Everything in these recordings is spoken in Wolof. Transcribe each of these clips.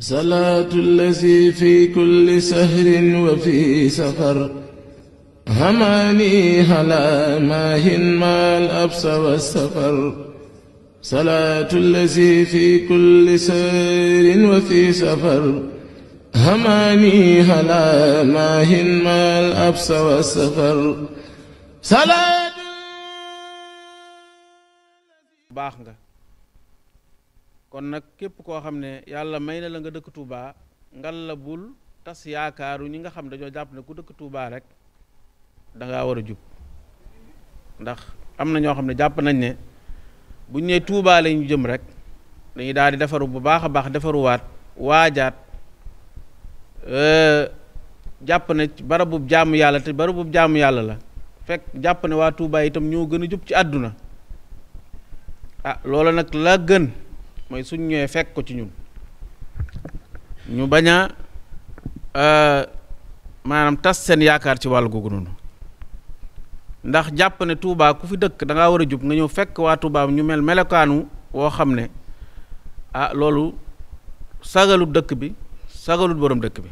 صلاة الذي في كل سهر وفي سفر هماني هلا ماهن ما الأبس والسفر صلاة الذي في كل سهر وفي سفر هماني هلا ماهن ما الأبس والسفر صلاة baax nga kon nag képp koo xam ne yàlla may ne la nga dëkk Touba ngal la bul tas yaakaaru ñi nga xam dañoo jàpp ne ku dëkk Touba rek da war a jub ndax am na ñoo xam ne jàpp nañ ne buñ ne tuubaa la ñu jëm rek dañuy daal di defaru bu baax a baax defaruwaat waajaat euh, jàpp ne barabub jàmm yàlla te barabub jàmm yàlla la fekk jàpp ne waa Touba itam ñoo gën a jub ci àdduna a ah, loolu nag laa gën. mooy suñ ñëwee fekk ko ci ñun ñu bañ a euh, maanaam tas seen yaakaar ci wàll googu noonu ndax jàpp ne Touba ku fi dëkk da war a jub nga ñëw fekk waa Touba ñu mel melokaanu woo xam ne ah loolu sagalut dëkk bi sagalut borom dëkk bi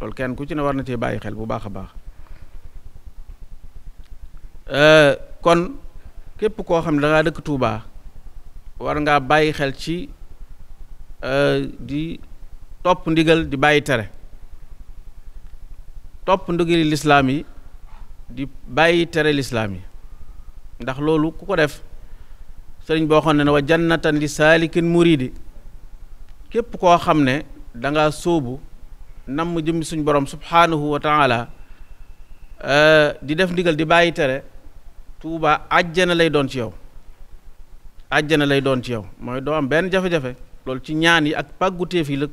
loolu kenn ku ci ne war na cee bàyyi xel bu baax a baax euh, kon képp koo xam ne da dëkk tuubaa war ngaa bàyyi xel ci Euh, di topp ndigal di bàyyi tere topp ndigali lislaam yi di bàyyi tere lislaam yi ndax loolu ku ko def sëriñ boo xam ne ne wa jannatan li saalikin muridi képp koo xam ne danga ngaa sóobu nam mu jëmmi suñ borom subhaanahu wa taala euh, di def ndigal di bàyyi tere tuuba àjjana lay doon ci yow àjjana lay doon ci yow mooy doo am benn jafe-jafe loolu ci ñaan yi ak pàgguteef yi la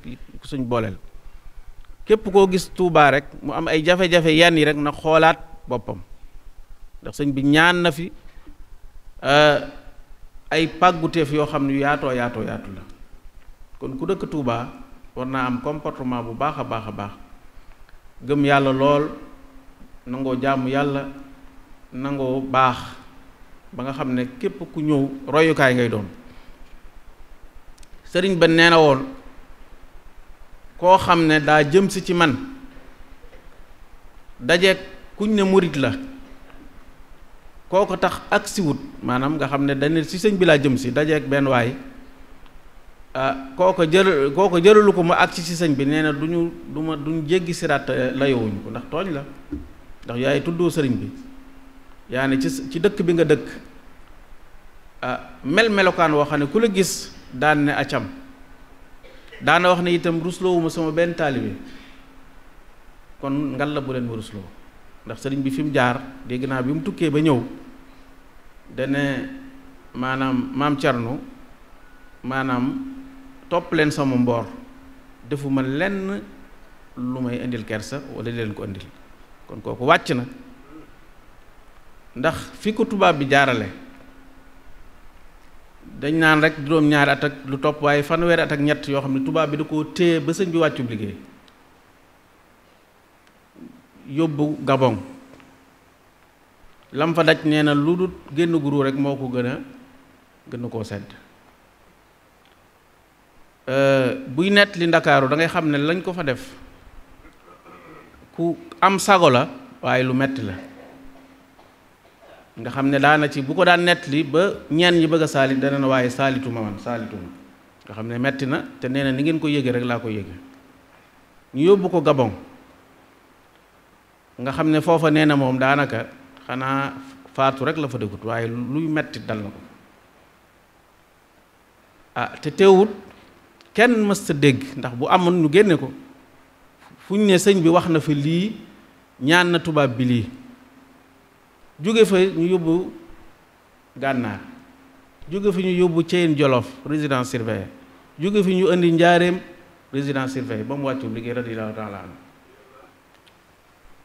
suñ booleel képp koo gis tuubaa rek mu am ay jafe-jafe yenn yi rek na xoolaat boppam ndax sëñ bi ñaan na fi eh, ay pàgguteef yoo xam ne yu yaatoo yaatoo yaatu la kon ku dëkk tuubaa war naa am comportement bu baax a baax a baax gëm yàlla lool nangoo jaamu yàlla nangoo baax ba nga xam ne képp ku ñëw royukaay ngay doon sëriñ ba nee na woon koo xam ne daa jëm si ci man dajeeg kuñ ne murit la kooko tax ak siwut maanaam nga xam ne dañ si sëñ bi laa jëm si dajeeg benn waay ah, kooko jël kooko jëralu ko mu agsi si sëñ bi nee na du ñu du ma duñ jéggi siraat layowuñu ko ndax tooñ la ndax yaay tuddoo sëriñ bi yaa ne ci ci dëkk bi nga dëkk ah, mel melokaan woo xam ne ku la gis daan ne acam daana wax ne itam rusloowuma sama benn taalibe kon ngal la bu leen rusloo ndax sëriñ bi fi mu jaar dégg naa bi mu tukkee ba ñëw dane maanaam maam Cerno maanaam topp leen sama mboor defuma lenn lu may indil kersa wala leen ko indil kon kooku wàcc na ndax fi ko tubaab bi jaarale dañ naan rek juróom-ñaari at ak lu topp waaye fanweeri at ak ñett yoo xam ne tubaab bi da koo téye ba sëñ bi wàccub liggéey yóbbu Gabon lam fa daj nee na lu dul génn guru rek moo ko gën a gën koo sedd euh, buy nett li ndakaaru dangay xam ne lañ ko fa def ku am sago la waaye lu metti la nga xam ne daana ci bu ko daan nettali ba ñenn ñi bëgg a saalit dana na waaye saalituma man saalituma nga xam ne metti na te nee na ni ngeen ko yëge rek laa ko yëge ñu yóbbu ko Gabon nga xam ne foofa nee na moom daanaka xanaa faatu rek la fa dëkkut waaye luy metti dal na ko ah te teewut kenn mësta dégg ndax bu amoon ñu génne ko fu ñu ne sëñ bi wax na fi lii ñaan na tubaab bi lii jóge fa ñu yóbbu gànnaar jóge fi ñu yóbbu Thiène Jolof résidence surveillée jóge fi ñu indi njaareem résidence surveillée ba mu wàccul liggéey radiyallahu taala anhu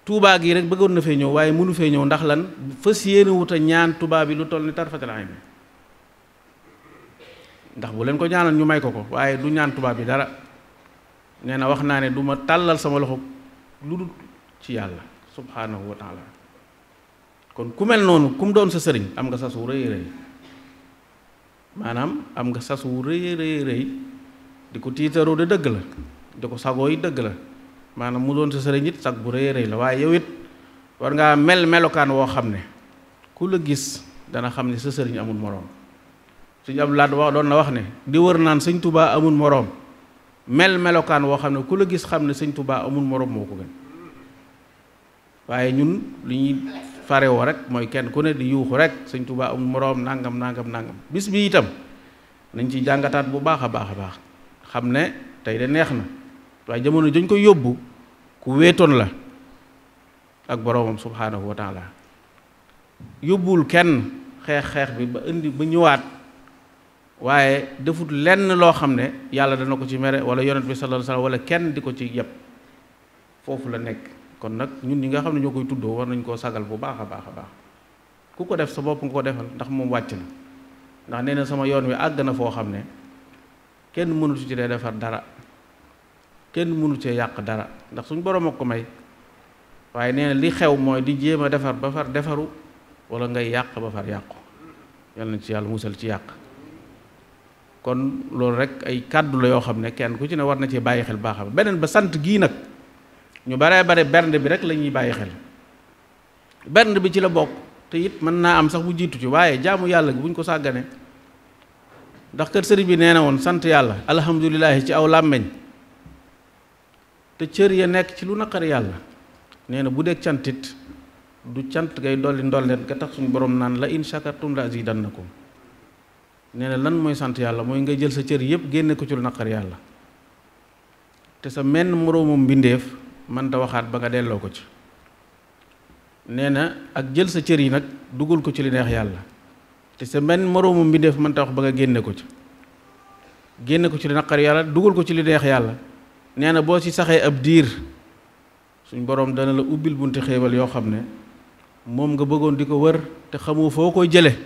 Touba gi rek bëggoon na fee ñëw waaye mënu fee ñëw ndax lan fas yéene wut a ñaan tubaab yi lu toll ni tarfatal ayni ndax bu leen ko ñaanal ñu may ko ko waaye du ñaan tubaab bi dara nee na wax naa ne du ma tàllal sama loxo lu dul ci yàlla subhaanahu wa taala kon ku mel noonu ku mu doon sa sëriñ am nga sas wu rëy rëy maanaam am nga sas wu rëy rëy di ko tiitaroo de dëgg la di ko sagoo yi dëgg la maanaam mu doon sa sëriñ it sag bu rëy rëy la waaye yow it war ngaa mel melokaan woo xam ne ku la gis dana xam ne sa amul moroom suñu ab wax doon na wax ne di wër naan sëñ tubaa amul moroom mel melokaan woo xam ne ku la gis xam ne sëñ tubaa amul moroom moo ko gën waaye ñun li ñuy parewoo rek mooy kenn ku ne di yuuxu rek sëñ Tuubaa am moroom nàngam nàngam nangam bis bi itam nañ ci jàngataat bu baax a baax a baax xam ne tey de neex na waaye jamono dañ ko yóbbu ku weetoon la ak boroomam subhaanahu wa taala yóbbuwul kenn xeex-xeex bi ba indi ba ñëwaat waaye defut lenn loo xam ne yàlla dana ko ci mere wala yonent bi sallallahu alayhi wasallam wala kenn di ko ci yëpp foofu la nekk kon nag ñun ñi nga xam ne ñoo koy tuddoo war nañ koo sagal bu baax a baax a baax ku ko def sa bopp nga ko defal ndax moom wàcc na ndax nee na sama yoon wi àgg na foo xam ne kenn mënu ci dee defar dara kenn mënu cee yàq dara ndax suñ borom ak ko may waaye nee li xew mooy di jéem a defar ba far defaru wala ngay yàq ba far yàqu yal na ci yàlla musal ci yàq kon loolu rek ay kàddu la yoo xam ne kenn ku ci ne war na cee bàyyi xel baax a beneen ba sant gii nag ñu baree bare bernde bi rek la ñuy bàyyi xel bernde bi ci la bokk te it mën naa am sax bu jiitu ci waaye jaamu yàlla gi buñ ko sàggane ndax kër sëriñ bi nee na woon sant yàlla alhamdulilahi ci aw làmmeñ te cër ya nekk ci lu naqari yàlla nee na bu dee cantit du cant ngay dolli ndolleen nga tax suñu borom naan la in shakartum na ko nee na lan mooy sant yàlla mooy ngay jël sa cër yépp génne ko ci lu naqari yàlla te sa menn moroomu mbindeef mënta waxaat ba nga delloo ko ci nee na ak jël sa cër yi nag dugal ko ci lu neex yàlla te sa benn moroomu mbindeef mënta wax ba nga génne ko ci génne ko ci li yàlla dugal ko ci lu neex yàlla nee na boo ci saxee ab diir suñ boroom dana la ubbil bunti xeebal yoo xam ne moom nga bëggoon di ko wër te xamu foo koy jële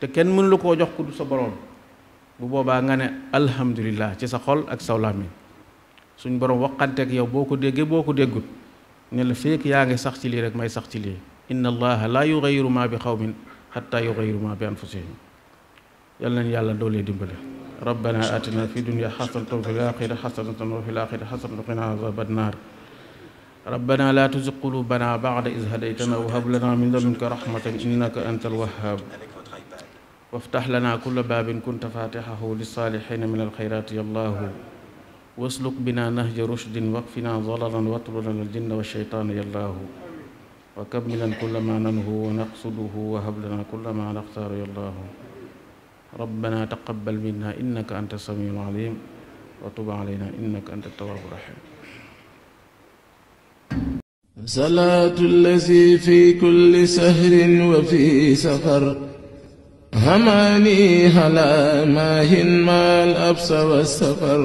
te kenn mënu la koo jox ku du sa boroom bu boobaa nga ne alhamdulillah ci sa xol ak saw làmmiñ suñ borom waxanteeg yow boo ko déggee boo ko déggut ne la fekk yaa ngi sax ci lii rek may sax ci lii inna allaha laa yugayiru ma bi xawmin xatta yugayiru ma bi anfusihim yal nañ yàlla doolee dimbale rabbana atina fi dunya xasanatan wa fi laaxira xasanatan wa fi laaxira xasanatan wa qina azaban naar rabbana laa tuzig qulubana ba'da iz hadaytana wa hab lana min ladunka rahmatan innaka anta alwahhab waftax lana kulla baabin kunta faatixahu lisaalixina min alxayraati yallahu wasluk bina nahja rushdin waqfina dalalan watrulana aljinna walsheytaana yallaahu wa kammilan kulla ma nanhu wa naqsuduhu wa hablana kulla ma naxtaaru yallaahu rabbana taqabal minna innaka anta samiul alim wa tub alayna innaka anta tawaabu rahim salaatu allazi fi kulli sahrin wa fi safar hamaani hala maahin maal absa wa safar